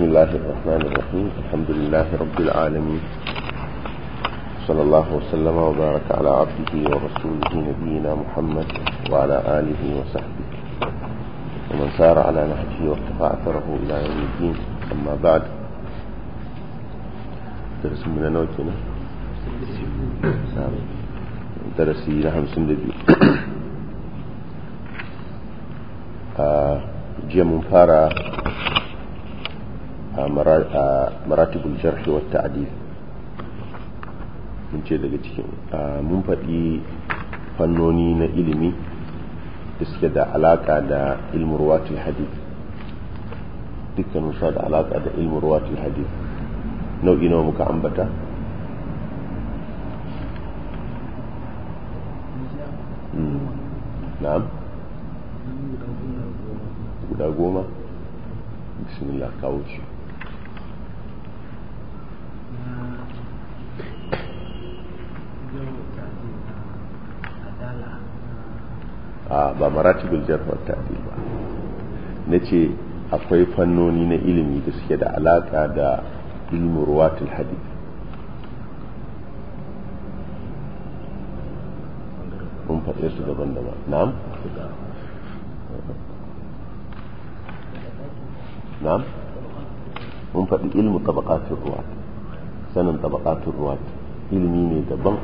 بسم الله الرحمن الرحيم الحمد لله رب العالمين صلى الله وسلم وبارك على عبده ورسوله نبينا محمد وعلى آله وصحبه ومن سار على نهجه واتبع أثره إلى يوم الدين أما بعد درس من نوتنا درس لهم سندبي آه، جيم فارا maratibul jarhi wa ta'dil mun ce daga cikin mun faɗi fannoni na ilimi da suke da alaƙa da ilmin ruwatul hadith dukkan suna da alaƙa da ilmin ruwatul hadith nau'i nawa muka ambata hmm. na'am guda goma bismillah kawo shi ba maratibul jarh wa ta'dil ba ce akwai fannoni na ilimi da suke da alaka da ilmu ruwatul hadith kun faɗe su daban-daban na'am na'am mun faɗi ilmu tabakatun ruwat sanin tabakatun ruwat ilimi ne daban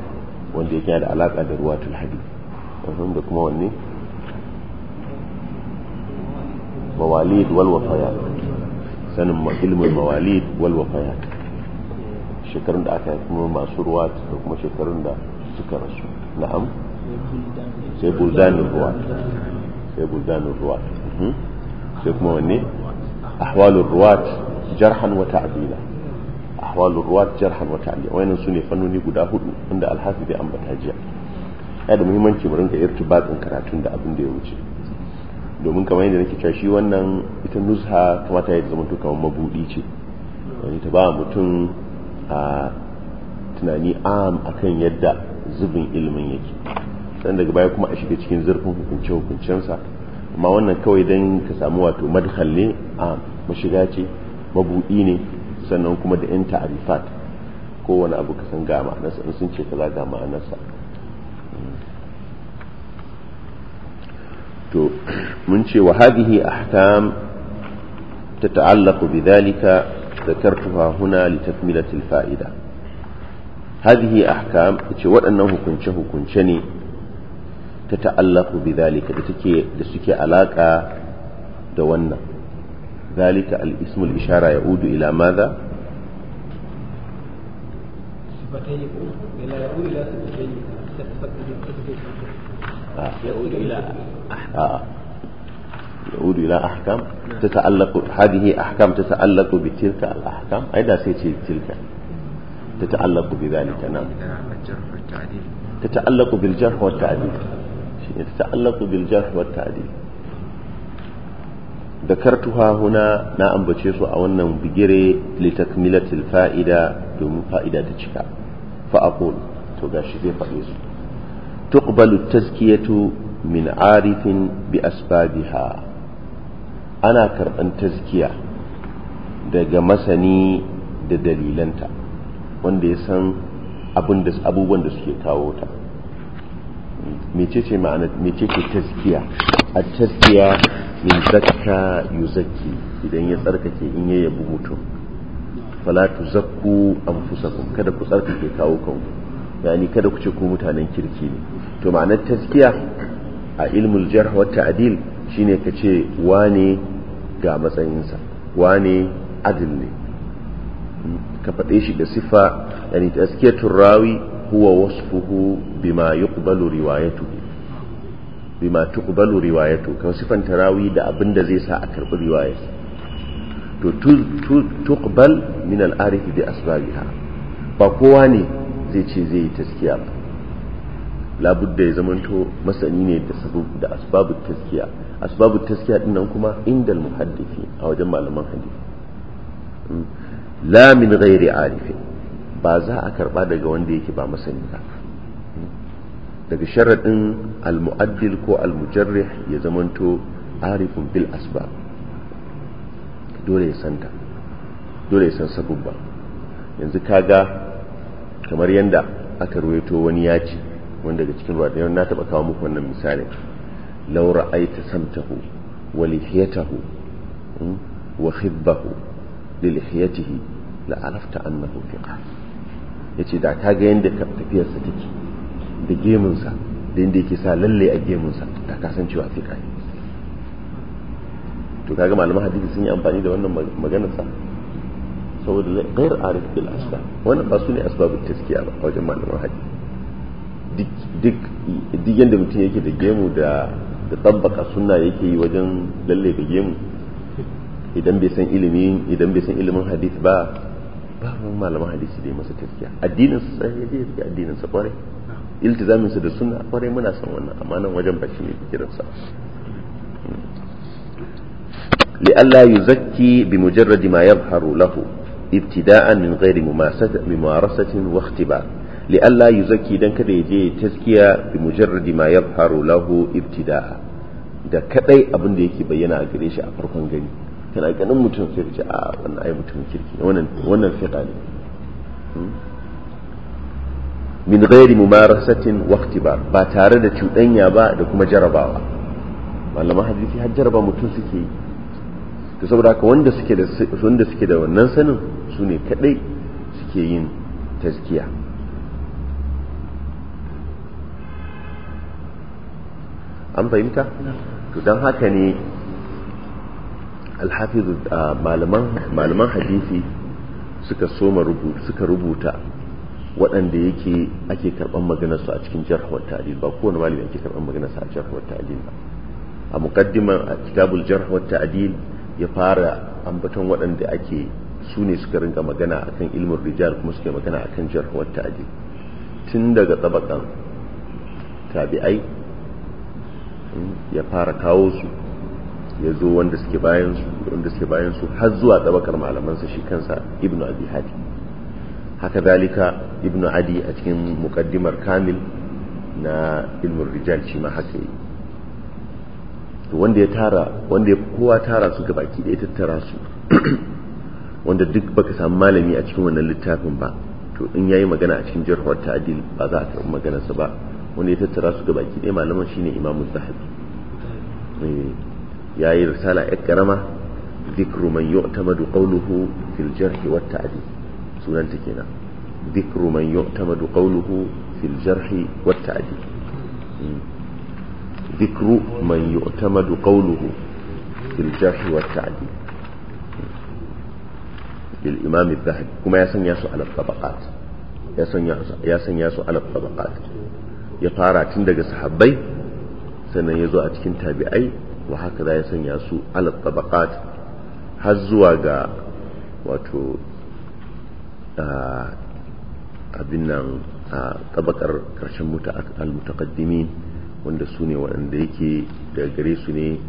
wanda yake da alaka da ruwatul hadith da kuma wanne mawalid wal wafayat sanin ilmin mawalid wal wafayat shekarun da aka haifi masu ruwa da kuma shekarun da suka rasu na'am sai buldanin ruwa sai buldanin ruwa sai kuma wanne ahwalur ruwat jarhan wa ta'dila ahwalur ruwat jarhan wa ta'dila wayannan sune fannoni guda hudu inda alhafi bai ambata jiya yana da muhimmanci mu rinka irtibatin karatun da abin da ya wuce domin kamar yadda nake cewa shi wannan ita kuma kamata ya zama kamar mabudi ce wani ta ba mutum a tunani am akan yadda zubin ilimin yake san daga baya kuma a shiga cikin zurfin hukunce hukuncensa amma wannan kawai don ka samu wato madhal ne a mashiga ce mabudi ne sannan kuma da yan ta'arifat kowane abu ka san ga ma'anarsa in sun ce kaza ga ma'anarsa to mun ce wa hadihi ahkam ta ta’allaku bi zalika da tartufa huna littafilatil fa’ida hadihi ahkam ta waɗannan hukunce-hukunce ne ta ta’allaku bi zalika da suke alaƙa da wannan zalika al’ismul ishara ya udu ila maza ila ya udu ila su يعود إلى أحكام يعود إلى أحكام تتعلق هذه أحكام تتعلق بتلك الأحكام أين سيتي تلك تتعلق بذلك نعم تتعلق بالجرح والتعديل تتعلق بالجرح والتعديل ذكرتها هنا na ambace su a wannan bigire litakmilatil fa'ida domin fa'ida ta cika fa aqul to gashi zai faɗe su تقبل التزكية من bi بأسبابها Ana كربان taskiya daga masani da dalilanta wanda ya san abubuwan da suke kawo ta mecece ma'ana mecece taskiya a taskiya min zakka yuzakki idan ya tsarkake in ya yabi mutum fala tuzakku anfusakum kada ku tsarkake kawo kanku yani kada ku ce ku mutanen kirki ne to ma'anar taskiya a ilmul jarh wa ta'dil shine kace wane ga matsayinsa wane adil ne ka faɗe shi da sifa yani taskiyatul rawi huwa wasfuhu bima yuqbalu riwayatu bima tuqbalu riwayatu kan sifan tarawi da abin da zai sa a karɓi riwaya to tuqbal min al-arif bi asbabiha ba kowa ne zai ce zai yi taskiya ba labudda ya zamanto masani ne da sabab da asbabu taskiya asbabu taskiya dinnan kuma indal muhaddisi a wajen malaman hadisi hmm. la min ghairi arifi ba za a karba daga wanda yake ba masani ba hmm. daga sharadin al-mu'addil ko al-mujarrih ya zamanto arifun bil asbab dole ya santa dole ya san sabubba yanzu kaga kamar yanda aka ruwaito wani ya ce wanda daga cikin ruwa da na taba kawo muku wannan misali laura aita samtahu wa lihiyatahu hmm, wa khibbahu li lihiyatihi la arafta annahu fiqa yace da ka ga yanda tafiyar sa take da gemun sa da inda yake sa lalle a gemun sa ta kasancewa fiqa ne to kaga malaman hadisi sun yi amfani da wannan maganar sa saboda ghair arif bil asbab wannan ba su ne asbabul taskiya ba wajen malaman hadisi duk yadda mutum yake da gemu da da tabbaka sunna yake yi wajen lalle da gemu idan bai san ilimi idan bai san ilimin hadith ba ba babu malaman hadisi da ya masa tafiya addinin sa sai yaje ya addinin sa kwarai iltizamin sa da sunna kwarai muna son wannan amma nan wajen ba shi ne kiran sa li alla yuzakki bi mujarrad ma yadhharu lahu ibtida'an min ghairi mumasatin wa ikhtibar li Allah yuzakki dan kada ya je taskiya bi mujarradi ma yadhharu lahu ibtida'a da kadai abin da yake bayyana a gare shi a farkon gani kana ganin mutum sai ce a wannan ai mutum kirki wannan wannan fiqa ne min ghairi mumarasatin wa ikhtibar ba tare da cuɗanya ba da kuma jarabawa malaman hadisi har jaraba mutum suke yi to saboda haka wanda suke da wanda suke da wannan sanin su ne kadai suke yin tazkiya an fahimta to don haka ne alhafizu malaman hadisi suka soma suka rubuta waɗanda yake ake karɓar maganarsu a cikin jarhuwar ta'adil ba kowane malami ake karɓar maganarsa a jarhuwar ta'adil ba a mukaddiman a kitabul jarhuwar ta'adil ya fara ambaton waɗanda ake su ne suka rinka magana akan ilmin rijal kuma suke magana akan jarhuwar ta'adil tun daga tsabakan tabi'ai ya fara kawo su ya zo wanda suke bayan su wanda suke bayan su har zuwa tsabakar malamansa shi kansa ibnu abi hadi haka dalika ibnu adi a cikin mukaddimar kamil na ilmin rijal shi ma haka yi to wanda ya tara wanda ya kowa tara su gabaki da ya tattara su wanda duk baka samu malami a cikin wannan littafin ba to in yayi magana a cikin jarhuwar ta'dil ba za a karɓi maganarsa ba wanda ya tattara su gabaki ɗaya malaman shine imamu zahabi eh, ya yi risala ya karama zikru man yu'tamadu qawluhu fil jarhi wa ta'dil sunan ta kenan zikru man yu'tamadu qawluhu fil jarhi wa ta'dil zikru hmm. man yu'tamadu qawluhu fil jarhi wa ta'dil hmm. lil imam az-zahabi kuma ya sanya su ala tabaqat ya sanya su ala tabaqat ya fara tun daga sahabbai sannan ya zo a cikin tabi'ai wa haka za ya sanya su alat tabaqat har zuwa ga wato abin nan a tabakar karshen al-mutaqaddimin wanda su ne waɗanda yake daga gare su ne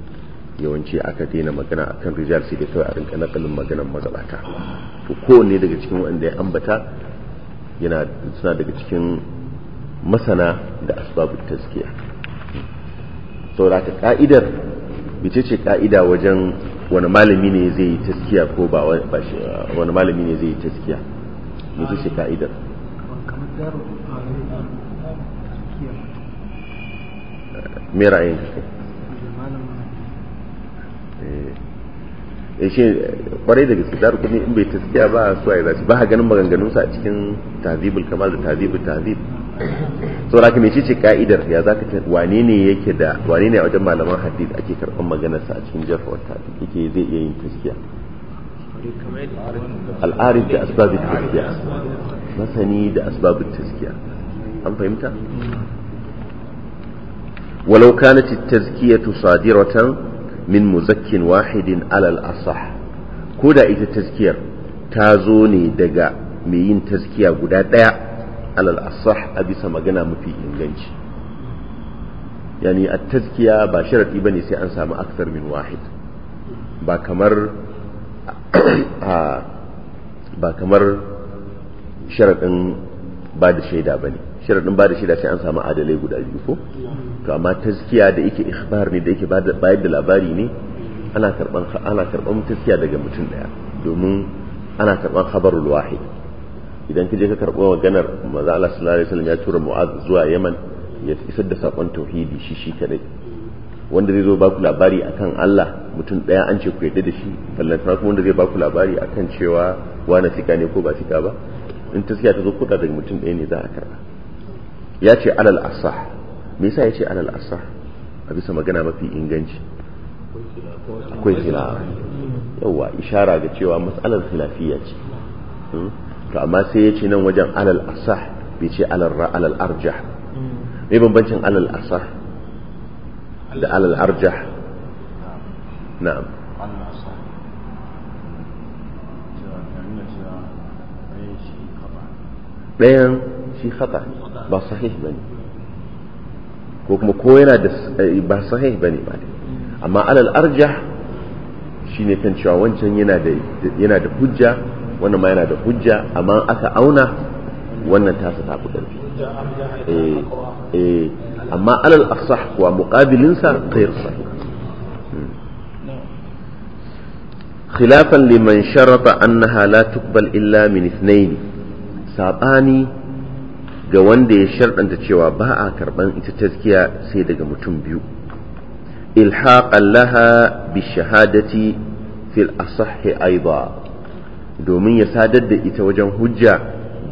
yawanci aka daina magana akan rijal sai da kawai a rinka nakalin maganar magabata to kowanne daga cikin waɗanda ya ambata yana suna daga cikin masana da asbabun taskiya saboda ta ka'idar bice ce ka'ida wajen wani malami ne zai yi taskiya ko ba wani malami ne zai yi taskiya bice ce ka'idar me ra'ayin ya ce eh, eh, kwarai da gaske dar kudi in bai taskiya ba su ya zaci ba ha ganin maganganunsa a cikin tazibul kamar da tazibul tazib saboda ka mece ka'idar ya za ka ta wane ne yake da wane ne a wajen malaman hadith ake karɓar maganar sa a cikin jarh wata yake zai iya yin taskiya al'arif da asbabin taskiya masani da asbabin taskiya an fahimta walau kana taskiya ta min muzakkin wahidin alal asah ko da ita taskiyar ta zo ne daga mai yin taskiya guda ɗaya alal asah a bisa magana mafi inganci yani a taskiya ba sharaɗi ba sai an samu aksar min wahid ba kamar ba kamar sharaɗin ba da shaida ba ne sharaɗin ba da shaida sai an samu adalai guda biyu ko to amma taskiya da yake ikhbar ne da yake bayar da labari ne ana karban ana taskiya daga mutum ɗaya domin ana karɓan khabarul wahid idan ka je ka karɓo maganar maza Allah sallallahu alaihi wasallam ya tura mu'az zuwa yaman ya isar da sakon tauhidi shi shi kadai wanda zai zo ba ku labari akan Allah mutum daya an ce ku yadda da shi fallantana kuma wanda zai ba ku labari akan cewa wani sika ne ko ba sika ba in taskiya ta zo kuɗa daga mutum ɗaya ne za a karɓa ya ce alal asah me yasa ya ce alal asah a bisa magana mafi inganci akwai khilafa yawa ishara ga cewa mas'alar khilafiyya ce hmm? to amma sai ya ce nan wajen alal asah bai ce alal arjah me bambancin alal asah da alal arjah na'am ɗayan shi khata ba sahih bane ko kuma ko yana da eh, ba sahih bane ba amma alal arjah shine kan cewa wancan yana da yana da hujja wannan ma yana da hujja amma aka auna wannan ta ta fi ƙarfi eh, eh, amma alal afsah kuwa muƙabilinsa ghayr sahih hmm. khilafan liman شرط annaha la تقبل illa من اثنين ساباني ga wanda ya sharɗanta cewa ba a karɓan ita taskiya sai daga mutum biyu ilhaqan laha bi shahadati fil asahhi aida domin ya sadar da ita wajen hujja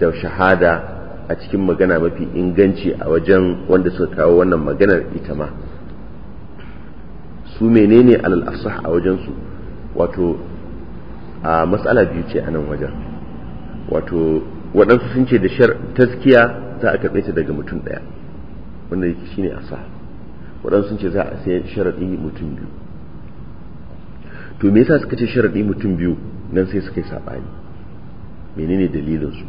da shahada a cikin magana mafi inganci a wajen wanda suka kawo wannan maganar ita ma su menene alal afsah a wajensu wato a matsala biyu ce a nan wajen wato waɗansu sun ce da shar taskiya za a karɓe ta daga mutum ɗaya wanda yake shine asa waɗansu sun ce za a sai sharaɗi mutum biyu to me yasa suka ce sharaɗi mutum biyu nan sai suka yi saɓani menene dalilinsu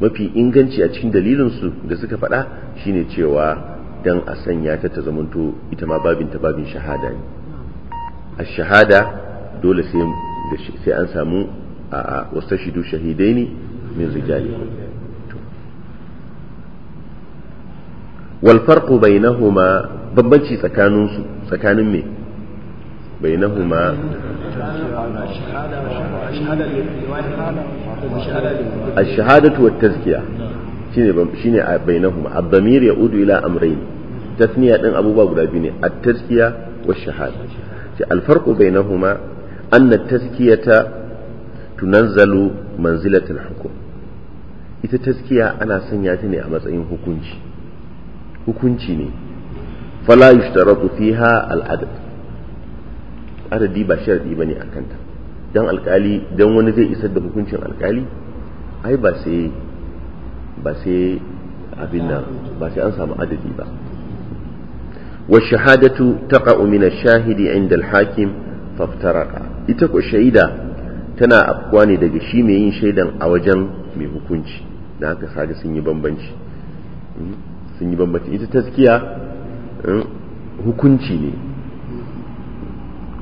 mafi inganci a cikin dalilinsu da suka faɗa shine cewa don a sanya ta ta zamanto ita ma babin ta babin shahada ne a shahada dole sai an samu a wasu shidu shahidai ne min rijali walfarko bai nahuma bambanci tsakaninsu tsakanin me bai الشهادة والتزكية shine a bainahuma ad-damir ya'udu ila amrayn tasniya din abubuwa guda biyu ne at-tazkiya wa shahada shi al-farqu bainahuma anna at-tazkiyata tunazzalu manzilat al ita tazkiya ana sanya ta a matsayin hukunci ne fala raku fiha al adadi ba sharadi ne a kanta don alkali don wani zai isar da hukuncin alkali ai ba sai ba sai abin nan ba sai an samu adadi ba wa shahadatu ta min ash-shahidi 'inda al-hakim faftaraqa ita ko shaida tana afkuwa ne daga shi mai yin shaidan a wajen mai hukunci da haka kaga sun yi bambanci hmm? sun yi bambanci ita taskiya hmm, hukunci ne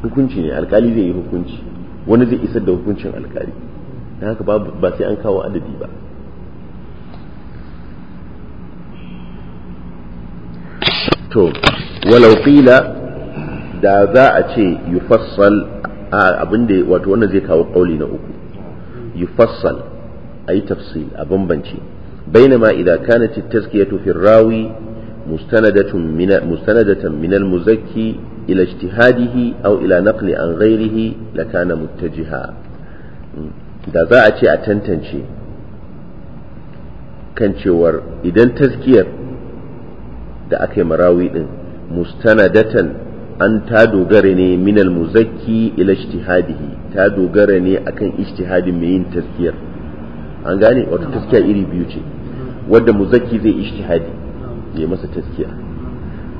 hukunci ne alkali zai yi hukunci wani zai isar da hukuncin alkali don haka ba sai an kawo adadi ba to walau qila da za a ce yufassal abinda wato wannan zai kawo kauli na uku yufassal ayi tafsil a bambance bainama idan kanat at-tazkiyatu fi rawi mustanadatan min mustanadatan muzakki ila ijtihadihi aw ila naqli an ghairihi lakana muttajiha da za a ce a tantance kan cewar idan taskiyar da aka yi marawi din mustanadatan an ta dogara ne minal muzakki ila ijtihadihi ta dogara ne akan ijtihadin mai yin taskiyar an gane wata taskiya iri biyu ce wadda muzakki zai ijtihadi ya masa taskiya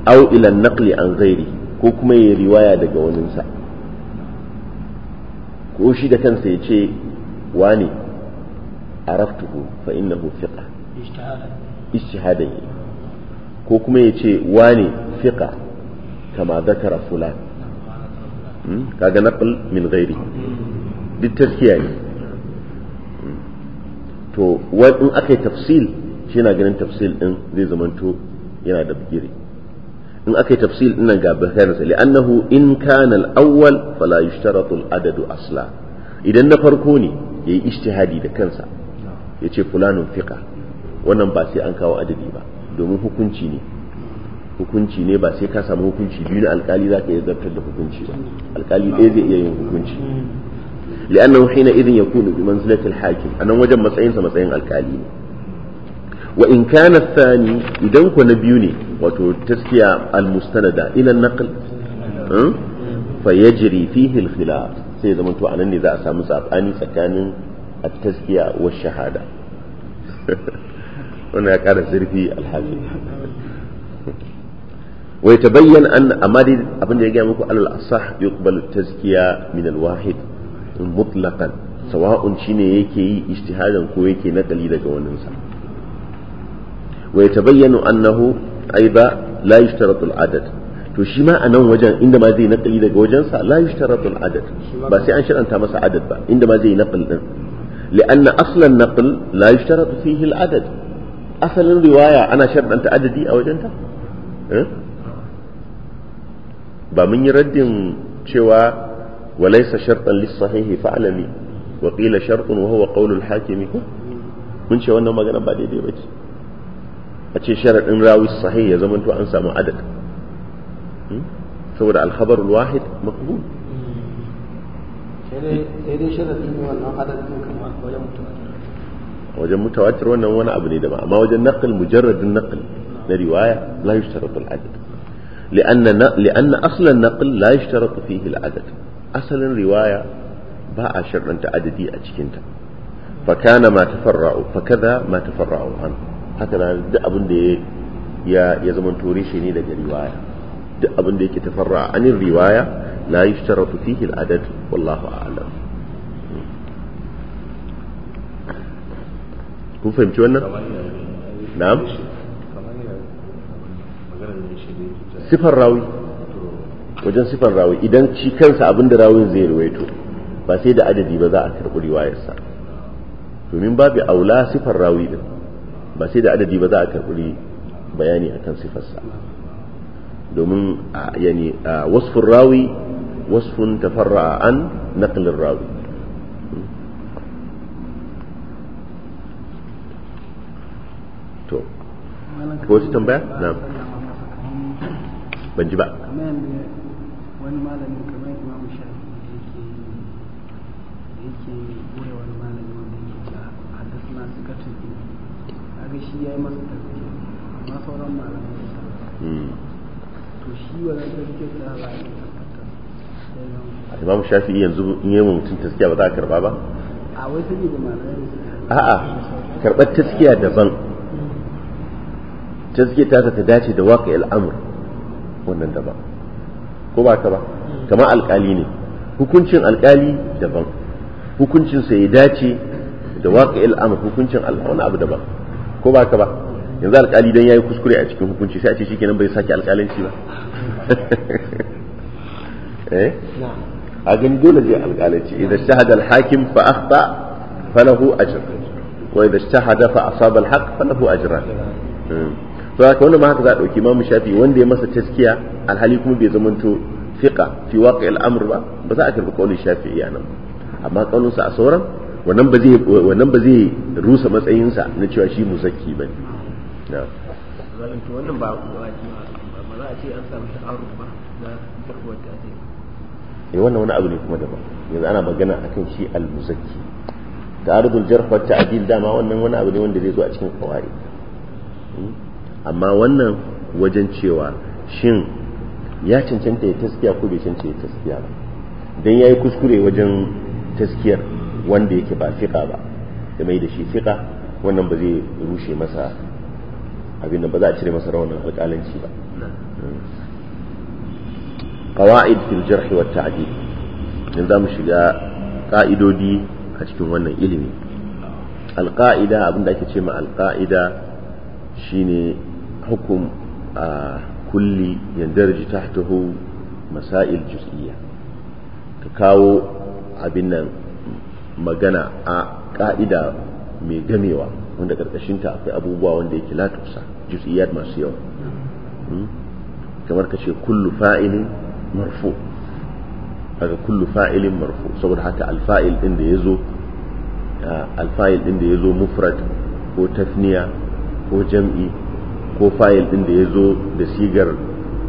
Au ila naqli an ghairi ko kuma ya riwaya daga waninsa ko shi da kansa ya ce wani araftuhu fa innahu fiqa ijtihadan ko kuma ya ce wani fiqa kama zakara fulan hmm, kaga naql min ghairi duk taskiya ne hmm. to wani in aka yi tafsil shi na ganin tafsil din zai zamanto yana da bigiri in aka yi tafsil nan ga bayanin sa li'annahu in kana al-awwal fala yushtaratu al-adad asla idan na farko ne yayi ijtihadi da kansa yace fulanun fiqa wannan ba sai an kawo adadi ba domin hukunci ne hukunci ne ba sai ka samu hukunci biyu na alkali zaka iya zartar da hukunci ba alkali ɗaya zai iya yin hukunci li'annahu hina idin yakunu bi manzilati al-hakim anan wajen matsayin sa matsayin alkali ne wa in kana sani idan ku na biyu ne wato taskiya almustanada ila naql eh, fa yajri fihi alkhilaf sai zama to anan ne za a samu sabani tsakanin at-taskiya wa shahada wannan ya kara zurfi alhafi wai ta bayyana an amma dai abin da ya gaya muku alal asah yuqbalu taskiya min al wahid mutlaqan sawa'un shine yake yi ijtihadan ko yake nakali daga wannan sa ta yatabayyanu annahu aiba la yushtaratu to shi ma a nan wajen inda ma zai naqli daga sa la yushtaratu al-adad ba sai an sharanta masa adad ba inda ma zai naql din لأن أصل النقل لا يشترط فيه العدد أصل الرواية أنا شرط أنت عددي أو أنت أه؟ بمن يرد شوى وليس شرطا للصحيح فعلمي وقيل شرط وهو قول الحاكم من شوى أنه ما قال بعد يدي بجي أتي شرط إن راوي الصحيح زمن تو أنسى معدد فورا الخبر الواحد مقبول وجن متواتر وانا وانا ابني دماء ما وجن النقل مجرد النقل لرواية لا يشترط العدد لأن, لأن أصل النقل لا يشترط فيه العدد أصل الرواية باع شرعا تعددي أجكنت فكان ما تفرعوا فكذا ما تفرعوا عنه haka na duk abin da ya ya zama shi ne daga riwaya duk abin da yake tafarra anin riwaya la yushtaratu fihi al-adad wallahu a'lam kun fahimci wannan na'am sifar rawi wajen sifar rawi idan ci kansa abin da rawin zai ruwaito ba sai da adadi ba za a karɓi riwayarsa domin babu aula sifar rawi din ba sai da adadi ba za a karɓi bayani a kan sifarsa domin yani wasfin rawi wasfin tafarra a an naqlin rawi to ko shi tambaya na ban ji ba wani malamin kamar shi ya yi masa tafsir amma sauran malamai da hmm. to shi wannan tafsir da ba a imam shafi'i yanzu in yi mutum taskiya ba za a karba ba a wai saboda malamai a'a karɓar taskiya daban taskiya ta ta dace da waƙi al'amur wannan daban ko ba ka ba hmm. Kamar alƙali ne hukuncin alƙali daban hukuncin sa ya dace da waƙi al'amur hukuncin Allah wani abu daban ko ba ka ba yanzu alkali dan yayi kuskure a cikin hukunci sai a ce shikenan bai sake alkalanci ba eh a gani dole zai alkalanci idan shahada alhakim fa akhta falahu ajr wa idan shahada fa asaba alhaq falahu hmm. to haka wannan ma haka za a dauki imamu shafi wanda ya masa taskiya alhali kuma bai zamanto fiqa fi waqi ba ba za a karbi kaulin shafi'i anan amma kaulinsa a sauran wannan ba zai rusa matsayinsa na cewa shi musakki ba ne wannan ba ba za a ce an samu ba da eh, wannan wani abu ne kuma daban yanzu ana magana akan shi al-musakki ta'arudul jarfar ta ta'dil dama wannan wani abu ne wanda zai zo a cikin kawai hmm? amma wannan wajen cewa shin ya cancanta ya taskiya ko bai cancanta ya taskiya ba ya yi kuskure wajen taskiyar wanda yake ba fiqa ba da mai da shi fiqa wannan ba zai rushe masa abin da ba za a cire masa rawanin alƙalanci ba qawaid fil jarh wa ta'dil yanzu za mu shiga ka'idodi a cikin wannan ilimi alqa'ida abinda ake ce ma alqa'ida shine hukum a kulli yandarji tahtahu masail juz'iyya ka kawo abin nan magana a ƙa'ida mai gamewa wanda ƙarƙashinta akwai abubuwa wanda yake latusa juz'iyat masu yawa hmm? kamar ka ce kullu fa'ilin marfu kaga kullu fa'ilin marfu saboda haka alfa'il din da yazo uh, alfa'il din da yazo mufrad ko tafniya ko jam'i ko fa'il din da yazo da sigar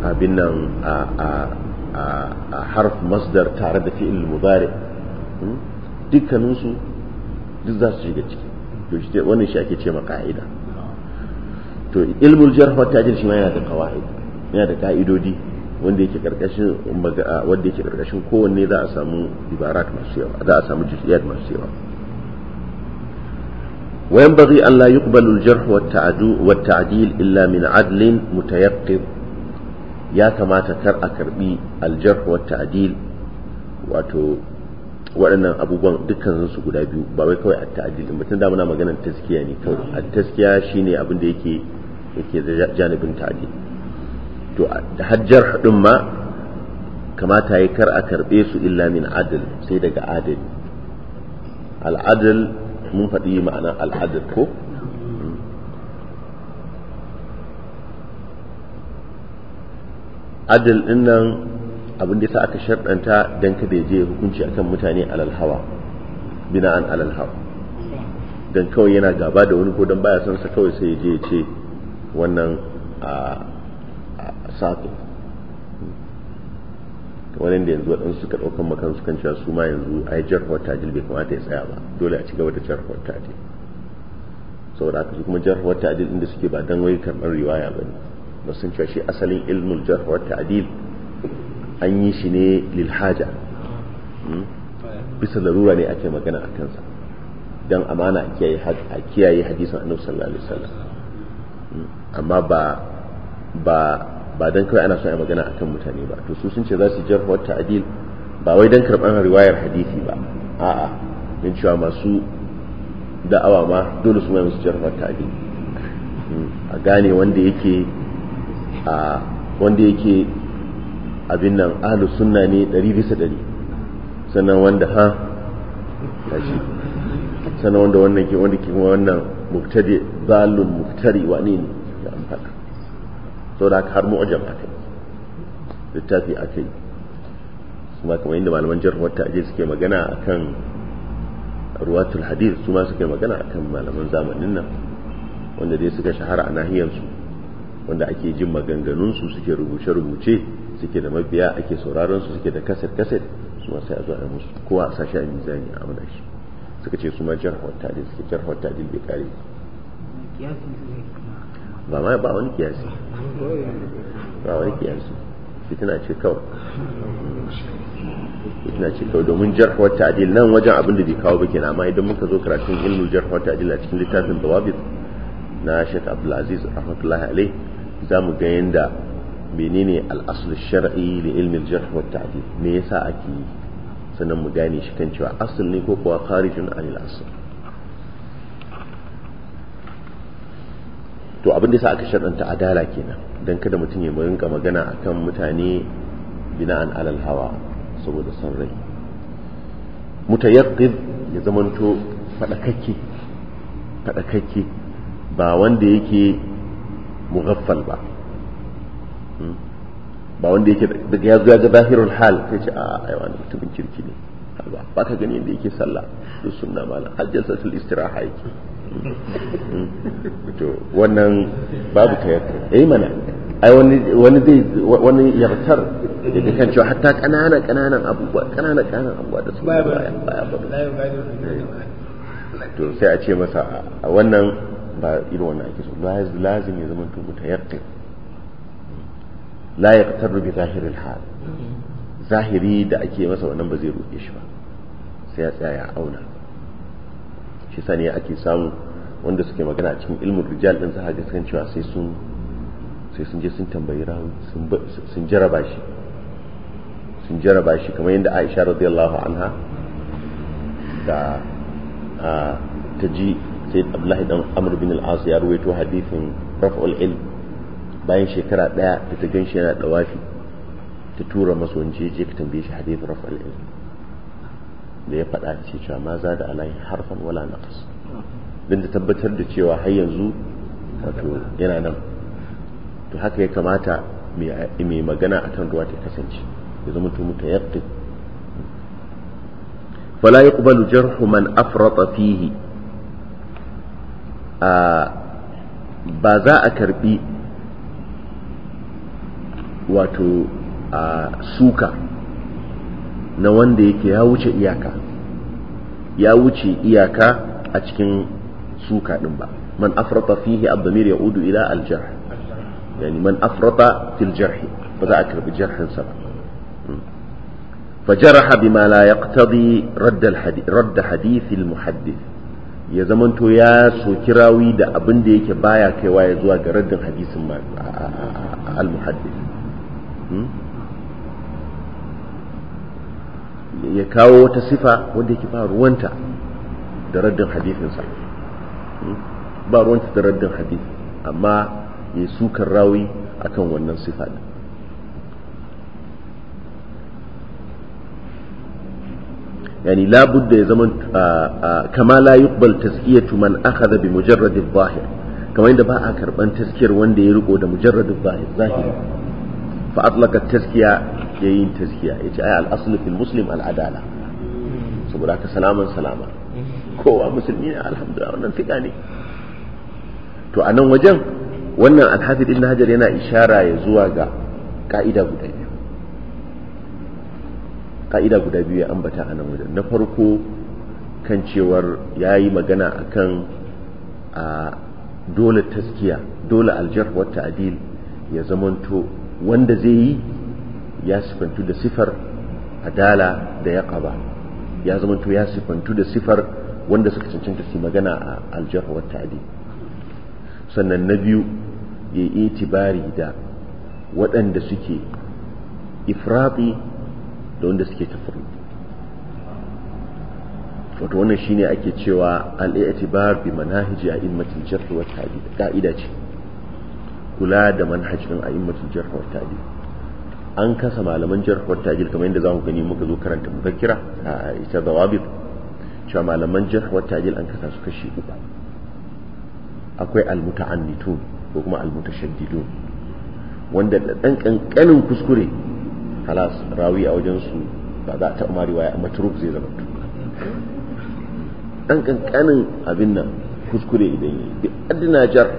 abin nan a harf masdar tare da fi'il mudari' hmm? dukkaninsu duk za su shiga ciki to shi wannan shi ake ce ma ka'ida to ilmul jarh wa ta'dil shi ma yana da qawaid yana da ka'idodi wanda yake karkashin wanda yake karkashin kowanne za a samu ibarat masu yawa za a samu juz'iyat masu yawa wa wa yanbaghi an la yuqbalu al jarh ta'du wa ta'dil illa min adlin إلا ya kamata kar a karbi al jarh wa ta'dil wato waɗannan abubuwan dukkan su guda biyu ba wai kawai at ta'adilin ba da muna maganar taskiya ne kawai a taskiya shine abin da yake yake janibin ta'dil to hajjar haɗin ma kamata yi kar a karɓe su illa min adl sai daga adal al'adal mun faɗi ma'ana al'adar ko adal ɗin nan abin da sa aka sharɗanta don ka ya je hukunci akan mutane alal hawa bina'an alal hawa don kawai yana gaba da wani ko don baya son sa kawai sai ya je ya ce wannan a saƙo wani da yanzu waɗansu suka ɗaukan makan su kan cewa su ma yanzu ai jarhuwar tajil bai kamata ya tsaya ba dole a ci gaba da jarhuwar tajil saboda haka su kuma jarhuwar tajil inda suke ba dan wai karɓar riwaya ba ne ba sun cewa shi asalin ilmul jarhuwar tajil an yi shi ne lilhaja hmm? bisa larura ne ake magana a kansa don amana a kiyaye hadisan annabi sallallahu alaihi wasallam hmm? amma ba ba ba dan kawai ana so a magana akan mutane ba to su sun ce za su jar wata adil ba wai dan karban riwayar hadisi ba a'a don cewa masu da'awa ma dole su mai musu wata adil hmm? a gane wanda yake a wanda yake abin nan ahlus sunna ne ɗari bisa ɗari sannan wanda ha tashi sannan wanda wannan ke wanda ke kuma wannan mubtadi zalun mubtari wa ne ne da an faɗa saboda haka har mu'jam akai littafi akai kuma kamar inda malaman jarh wata aje suke magana akan ruwatul hadith su ma suke magana akan malaman zamanin nan wanda dai suka shahara a nahiyansu wanda ake jin maganganun su suke rubuce-rubuce suke da mabiya ake sauraron su suke da kaset kaset su ma sai a zo a musu kowa a sashi a mizani a amana shi suka ce su ma jarhawar da suke jar tadil bai kare ba ma ba wani kiyasi ba wani kiyasi fitina ce kawai fitina ce kawai domin jarhawar tadil nan wajen abin da bai kawo ba kenan amma idan muka zo karatun ilmu jar tadil a cikin littafin dawabit na Sheikh Abdulaziz rahmatullahi alaihi za mu ga yanda menene al'asul shar'i da ilmin jarh wa ta'dil me yasa ake yi sannan mu gane shi kan cewa asul ne ko kuwa kharijun anil asul to abin da yasa aka sharɗanta adala kenan dan kada mutum ya rinka magana akan mutane bina'an alal hawa saboda san rai mutayaqqid ya zamanto fadakakke fadakakke ba wanda yake mughaffal ba Hmm? ba wanda yake daga ya zo ya ga zahirul hal sai ce a ah, ai wani mutumin kirki ne ba ka gani yadda yake sallah da sunna malam hajjar tul istiraha yake hmm? Hmm? to wannan babu ta yarda eh mana ai wani wani zai wani yartar da kan cewa hatta ƙanana kananan abubuwa ƙanana kananan abubuwa da su baya baya to sai a ce masa a wannan ba irin wannan ake so lazim ya zama ta mutayaqqin la yaqtaru bi hal zahiri da ake masa wannan ba zai roƙe shi ba sai ya tsaya ya auna shi sani ake samu wanda suke magana a cikin ilmin rijal din zaka ga sun cewa sai sun sai sun je sun tambayi rawi sun jaraba shi sun jaraba shi kamar yadda Aisha radiyallahu anha da ah, ta ji sai Abdullahi dan Amr bin al-As ya ruwaito hadithin raf'ul ilm bayan shekara daya da ta ganshi yana wafi ta tura masu wani jeje ka tambaye shi hadithin rafa ilm da ya faɗa ce cewa ma za da alayin harfan wala kasu don da tabbatar da cewa har yanzu wato yana nan to haka ya kamata mai magana a kan ruwa ta kasance ya zama to ta yadda. fala ya jarhu man afrata fihi ah, ba za a karbi wato a suka na wanda yake ya wuce iyaka ya wuce iyaka a cikin suka din ba man afrata fihi ad-damir ya'udu ila al-jarh yani man afrata fil jarh ba za a karbi jarhin sa ba فجرح بما لا يقتضي رد الحديث ya zamanto ya soki rawi da abinda da yake baya kaiwa ya zuwa ga raddin hadisin al-muhaddith Hmm? ya kawo wata sifa wanda yake ba ruwanta da raddin hadithinsa hmm? ba ruwanta da raddin hadith amma ya sukan rawi akan wannan sifa din yani labudda ya zama kama la yuqbal tazkiyatu man akhadha bi mujarrad adh-dhahir kamar yadda ba a karban tazkiyar wanda ya riko da mujarrad adh-dhahir zahiri fa atlaka taskiya yayin taskiya yace ai al-aslu fil muslim al-adala saboda ka salaman salama kowa musulmi ne alhamdulillah wannan fika ne to a nan wajen wannan alhafiz ibn hajar yana ishara ya zuwa ga ka'ida guda biyu ka'ida guda biyu ya ambata a nan wajen na farko kan cewar ya yi magana akan dole taskiya dole aljar wa ta'dil ya zamanto wanda zai yi ya sifantu da sifar adala da yaqaba ya zama zamanto ya sifantu da sifar wanda suka cancanta su magana a aljarh wa adi. sannan na biyu ya itibari da waɗanda suke ifrafi da wanda suke tafrid wato wannan shine ake cewa al-i'tibar bi manahiji a ilmatil jarh wa ta'dil ka'ida ce kula da manhajin a'immatul jarh wa ta'dil an kasa malaman jarh wa ta'dil kamar yadda zamu gani muka zo karanta muzakkira a ita dawabit cewa malaman jarh wa ta'dil an kasa su kashi uku akwai almuta'annitun ko kuma almutashaddidun wanda da dan kankanin kuskure halas rawi a wajen su ba za ta umari waya turuk zai zama dan kankanin abin nan kuskure idan yi bi adna jar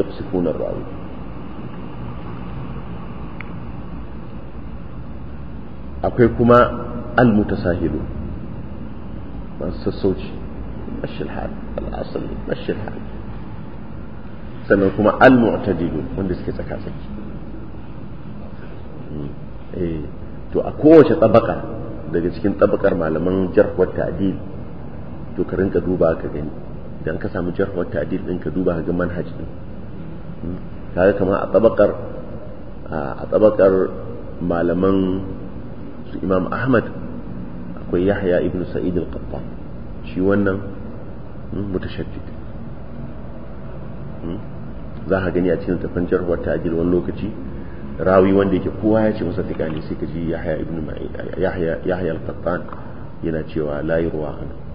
يقصفون الراوي akwai kuma almutasahilu masu sassauci mashil hal al'asali mashil hal sannan kuma almu'tadilu wanda suke tsaka-tsaki to a kowace tsabaka daga cikin tsabakar malaman jarhuwar ta'adil to ka rinka duba ka gani idan ka samu jarhuwar ta'adil din ka duba ga manhaj din kaga kamar a tabakar a tabakar malaman su imam ahmad akwai yahya ibn sa'id al-qattan shi wannan hmm, mutashaddid hmm, za ka gani a cikin tafan jarhuwar ta'ajil wani lokaci rawi wanda yake kowa ya ce masa tikani sai ka ji yahya ibn yahya al-qattan yana cewa la yurwa hanu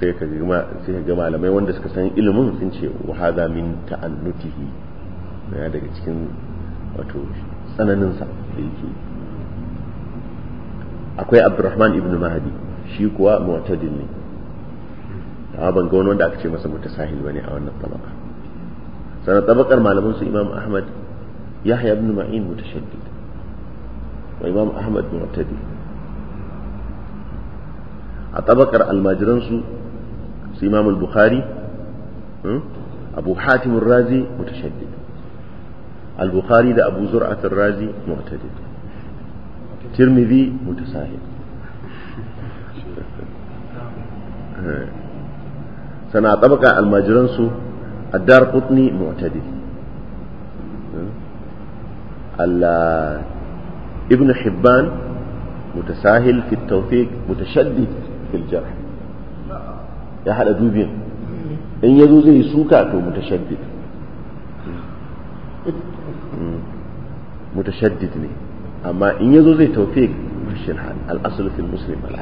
sai ka ga malamai wanda suka san ilimin sun ce wa hadha min ta'annutihi ya daga cikin wato tsananin sa da yake akwai Abdurrahman ibn Mahdi shi kuwa mu'tadil ne amma ban ga wani wanda aka ce masa mutasahil bane a wannan tabaka sanan tabakar malaman su Imam Ahmad Yahya ibn Ma'in mutashaddid wa Imam Ahmad mu'tadil a tabakar almajiransu su imam al-bukhari abu hatim razi mutashaddid al-bukhari da abu zur'at razi mu'tadid tirmidhi mutasahib sana tabaka almajiran su addar qutni mu'tadid Allah ibn hibban mutasahil fi at-tawfiq في الجرح ya hada dubin in yazo zai suka to mutashaddid hmm. mutashaddid ne amma in yazo zai tawfiq shirhan al-asl fi muslim al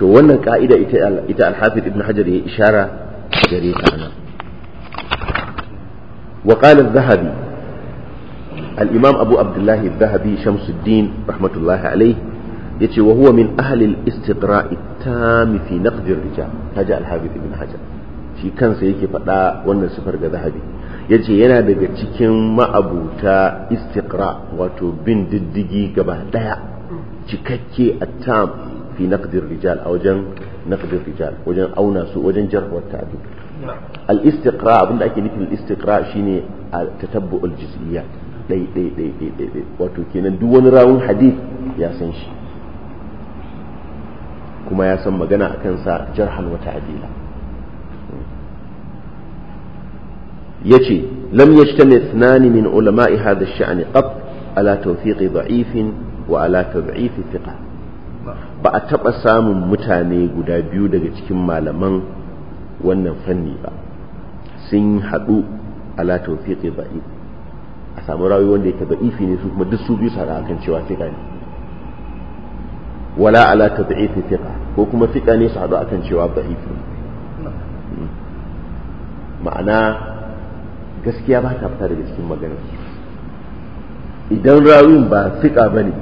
to wannan ka'ida ita ita al ibn hajar ya ishara gare ta nan wa qala zahabi al-imam abu abdullahi az-zahabi shamsuddin rahmatullahi alayhi yace wa huwa min ahli al-istiqra'i tam fi naqd ar-rijal haja al ibn hajar shi kansa yake faɗa wannan sifar ga zahabi yace yana daga cikin ma'abuta istiqra wato bin diddigi gaba daya cikakke at-tam fi naqd ar-rijal a wajen naqd ar-rijal wajen auna su wajen jarwar ta'dil al-istiqra abinda ake nufin al-istiqra shine tatabbu al-juz'iyat dai dai dai dai wato kenan duk wani rawun hadith ya san shi kuma ya san magana a kansa jarhan wata ya yace lam yajtami ithnani min ulama'i hada ash-sha'n qat ala tawfiqi da'ifin wa ala tad'ifi fiƙa ba a taɓa samun mutane guda biyu daga cikin malaman wannan fanni ba sun haɗu ala tawfiqi da'if a samu rayuwar da yake da'ifi ne su kuma duk su biyu sara akan cewa fiƙa ne wala ala ta thiqa ko kuma thiqa ne su hadu akan cewa da'ifi ma'ana gaskiya ba ta fita daga cikin magana. idan rawin ba thiqa bane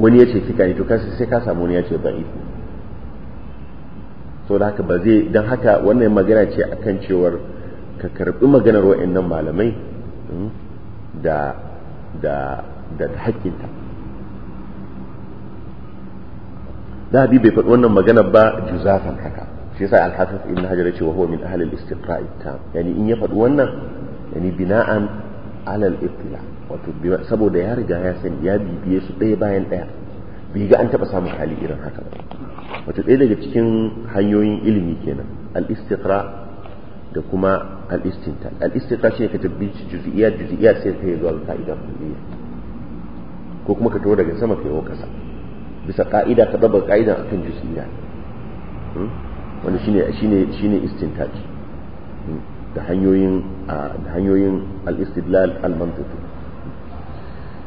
wani ce thiqa ne to sai ka samu wani yace da'ifi to da haka ba zai dan haka wannan magana ce akan cewar ka karɓi maganar wa'annan malamai hmm, da da da hakkinta bi bai faɗi wannan magana ba juzafan haka shi yasa al-hafiz ibn hajar yace wa huwa min ahli al-istiqra'i tam yani in ya faɗi wannan yani bina'an ala al-ibtila wato saboda ya riga ya sani ya bibiye su ɗaya bayan ɗaya bai ga an taɓa samun hali irin haka ba wato ɗaya daga cikin hanyoyin ilimi kenan al-istiqra da kuma al-istinta al-istiqra shine ka tabbici juz'iyat juz'iyat sai ka yi zuwa ka idan ko kuma ka tawo daga sama kai wa ƙasa bisa ka'ida ta ɗaba ka'ida akan jusiya hmm? wanda shine shine hmm? da hanyoyin da hanyoyin al-istidlal al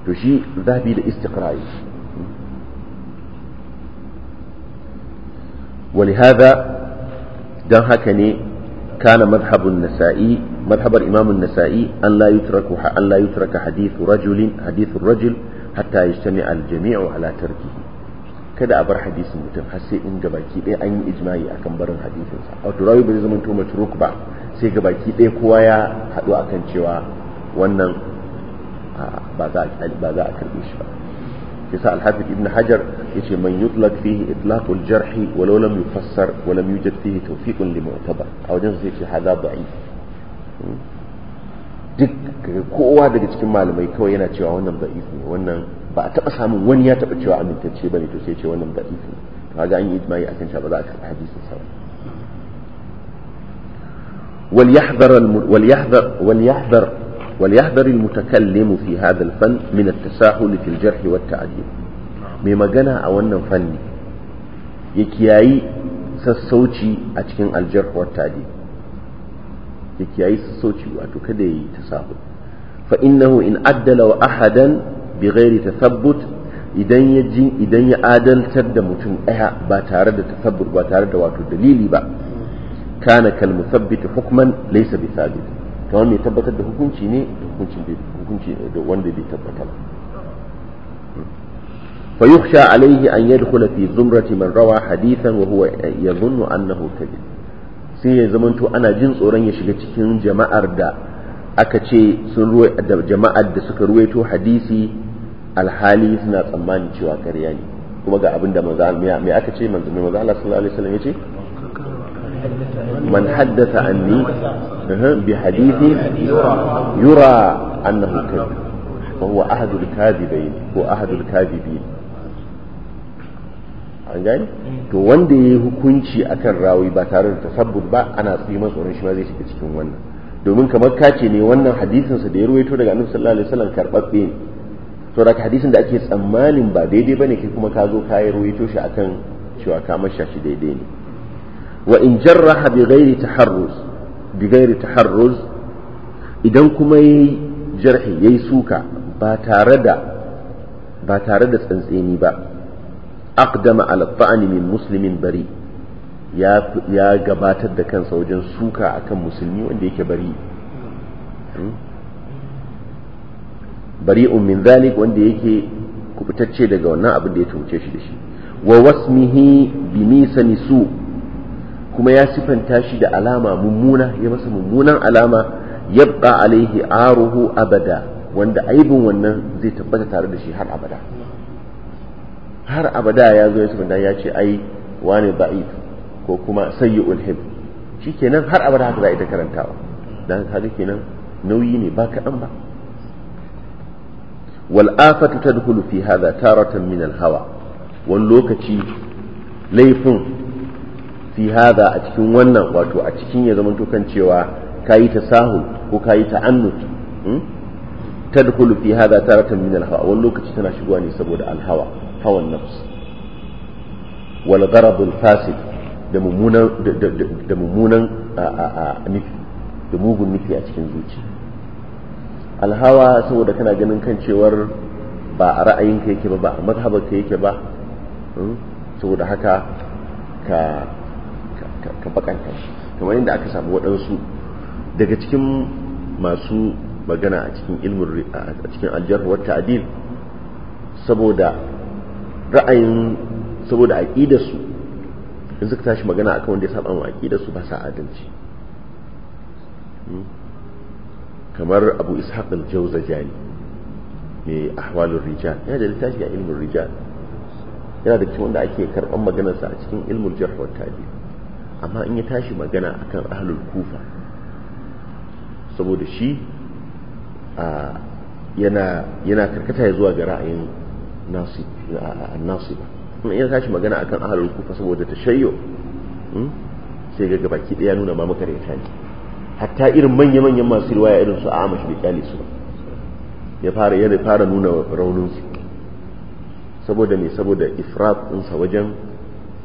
to shi zabi da istiqra'i ولهذا hmm? dan haka ne kana madhhabun nasa'i nasai an la yutraku an la rajulin hadithu rajul hatta yajtami'a al aljamia ala tarkihi kada a bar hadisin mutum har sai in gabaki ɗaya an yi ijma'i kan barin hadisin sa wato rawi bai zama to matruk ba sai gabaki ɗaya kowa ya haɗu akan cewa wannan ba za a ba za a karbe shi ba yasa al-hafiz ibn hajar yace man yutlaq fihi itlaq al-jarh walau lam yufassar wa lam yujad fihi tawfiqun li mu'tabar a wajen sai ce hada da'if hmm? duk kowa daga cikin malamai kawai yana cewa wannan da'if ne wannan ba a taɓa samun wani ya taɓa cewa amintacce ba ne to sai ce wannan da ifin to ga an yi ijma'i kan cewa ba za a karɓi hadisin sa وليحذر وليحذر وليحذر وليحذر المتكلم في هذا الفن من التساهل في الجرح والتعديل mai magana a wannan fanni ya kiyayi sassauci a cikin aljarhuwar tadi ya kiyayi sassauci wato kada ya yi ta sahu fa innahu in addala wa ahadan bi ghairi tasabbut idan ya ji idan ya adaltar da mutum ɗaya ba tare da tasabbut ba tare da wato dalili ba kana kal musabbit hukman laysa bi sabit kamar mai tabbatar da hukunci ne da hukunci da hukunci da wanda bai tabbata ba fa yukhsha alayhi an yadkhula fi zumrati man rawa hadithan wa huwa yadhunnu annahu kadhib sai ya zamanto ana jin tsoron ya shiga cikin jama'ar da aka ce sun da jama'ar da suka ruwaito hadisi alhali suna tsammanin cewa ƙarya ne kuma ga abin da mai aka ce manzo mai manzo Allah sallallahu alaihi wasallam yace man haddatha anni uh-huh, bi hadithi yura annahu kadhib wa huwa ahadul ne ko ahadul kadhibin an gani to wanda ya yi hukunci akan rawi ba tare da tasabbut ba ana tsiman tsoron shi ma zai shiga cikin wannan domin kamar kace ne wannan hadisinsa da ya ruwaito daga annabi sallallahu alaihi wasallam karbabbe ne ka hadisin da ake tsammanin ba daidai bane kai kuma ka zo ka yi ruwaito shi akan cewa ka masha shi daidai ne wa in jarraha bi ghairi taharruz bi ghairi taharruz idan kuma yayi jarhi yayi suka ba tare da ba tare da tsantseni ba aqdama ala ta'ani min muslimin bari ya ya gabatar da kansa wajen suka akan musulmi wanda yake bari hmm? bari'un min zalik wanda yake kubutacce daga wannan abin da ya tumce shi da shi wa wasmihi bi misani su kuma ya sifanta shi da alama mummuna ya masa mummunan alama yabqa alaihi aruhu abada wanda aibin wannan zai tabbata tare da shi har abada har abada ya zo ya sifanta ya ce ai wane ba'id ko kuma sayyi'ul hib shikenan har abada haka za a ita karantawa dan haka kenan nauyi ne ba kaɗan ba wal afatu tadkhulu fi hadha taratan min al wani lokaci laifin fi hadha a cikin wannan wato a cikin ya zama kan cewa kayi tasahul ko kayi ta'annut hmm? tadkhulu fi hadha taratan min al a wani lokaci tana shigowa ne saboda alhawa hawan nafs walgarabul gharad da mummunan nufi mugun nufi a cikin zuciya alhawa saboda kana ganin kan cewar ba a ra'ayinka yake ba ba a mazhabarka yake ba hmm? saboda haka ka ka bakanta kamar yadda aka samu waɗansu daga cikin masu magana a cikin ilmin a cikin aljar wa ta'dil saboda ra'ayin saboda aqidarsu in suka tashi magana akan wanda ya saba mu aqidarsu ba sa adalci hmm? kamar abu ishaq al-jawzajani mai ahwalul rijal yana da littafi a ilmin rijal yana da cikin wanda ake karban maganarsa a cikin ilmul jarh wa ta'dil amma in ya tashi magana akan ahlul kufa saboda shi yana yana karkata ya zuwa ga ra'ayin nasib an in ya tashi magana akan ahlul kufa saboda tashayyu hmm, sai ga gabaki daya nuna ma makareta ne hatta irin manya-manyan masu riwaya irin su a amashi da kyale su ya fara yana fara nuna raunin su saboda mai saboda ifrat ɗinsa wajen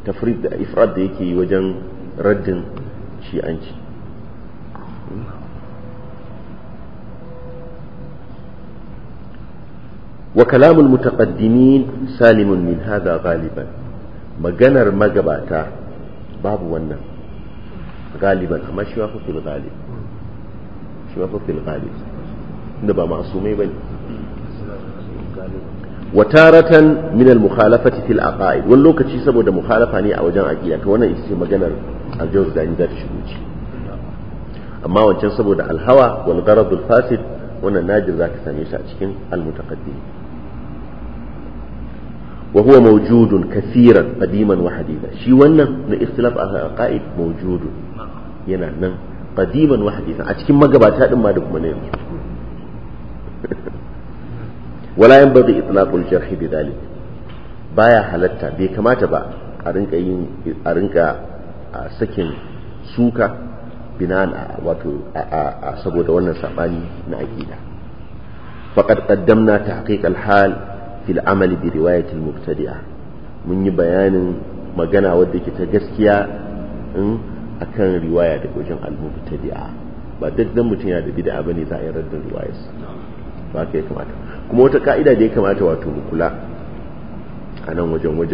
tafrid da ifrat da yake yi wajen raddin shi'anci wa kalamul mutaqaddimin salimun min hadha ghaliban maganar magabata babu wannan galiban amma shi ma fil galib shi ma fil galib inda ba ma'asumai bane wa taratan min al mukhalafati fil aqaid wani lokaci saboda mukhalafa ne a wajen aqida to wannan ita ce maganar al da ni za ta shigo amma wancan saboda al-hawa wal gharad al wannan najir zaka same shi a cikin al wa huwa mawjudun kaseeran qadiman wa shi wannan na istilaf a qa'id mawjudun yana nan qadiman wa hadithan a cikin magabata din ma da kuma ne yanzu wala yanbaghi itlaqul jarh bidhalik baya halatta bai kamata ba a rinka yin a rinka sakin suka binan wato saboda wannan sabani na aqida faqad qaddamna tahqiq hal fil amali bi riwayatil mubtadi'a mun yi bayanin magana wadda ke ta gaskiya in hmm, akan riwaya da wajen al ba duk mutum yana da bid'a bane za a yi raddin riwayar ba haka kamata kuma wata ka'ida da ya kamata wato mu kula a nan wajen wajen